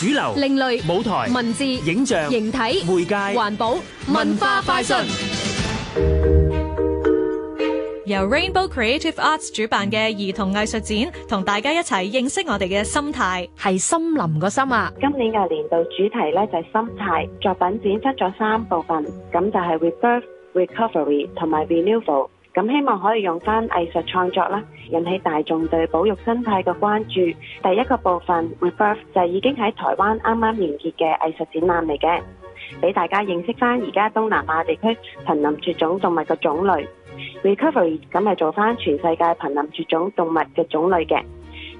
主流、另類舞台、文字、影像、形體、媒介、環保、文化快訊。由 Rainbow Creative Arts 主辦嘅兒童藝術展，同大家一齊認識我哋嘅心態。係森林個心啊！今年嘅年度主題咧就係心態。作品展出咗三部分，咁就係 Rebirth、Recovery 同埋 Renewal。咁希望可以用翻藝術創作啦，引起大眾對保育生態嘅關注。第一個部分 Rebirth 就係已經喺台灣啱啱完結嘅藝術展覽嚟嘅，俾大家認識翻而家東南亞地區瀕臨絕種動物嘅種類。Recovery 咁係做翻全世界瀕臨絕種動物嘅種類嘅。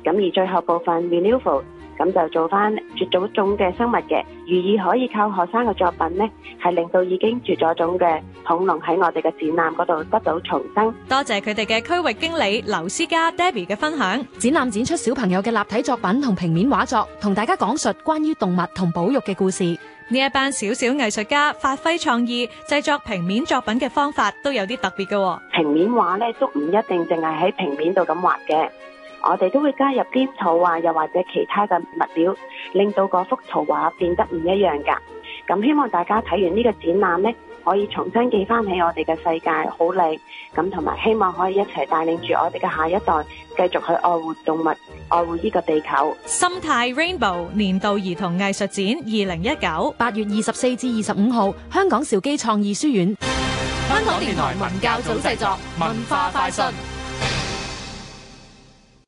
咁而最後部分 Renewal 咁就做翻絕咗種嘅生物嘅，寓意可以靠學生嘅作品咧，係令到已經絕咗種嘅恐龍喺我哋嘅展覽嗰度得到重生。多謝佢哋嘅區域經理劉思嘉、Debbie 嘅分享。展覽展出小朋友嘅立體作品同平面畫作，同大家講述關於動物同保育嘅故事。呢一班小小藝術家發揮創意，製作平面作品嘅方法都有啲特別嘅。平面畫咧，都唔一定淨係喺平面度咁畫嘅。我哋都會加入啲草啊，又或者其他嘅物料，令到嗰幅圖畫變得唔一樣噶。咁希望大家睇完呢個展覽呢，可以重新記翻起我哋嘅世界好靚。咁同埋希望可以一齊帶領住我哋嘅下一代，繼續去愛護動物，愛護呢個地球。心態 Rainbow 年度兒童藝術展，二零一九八月二十四至二十五號，香港兆基創意書院。香港電台文教組製作，文化快訊。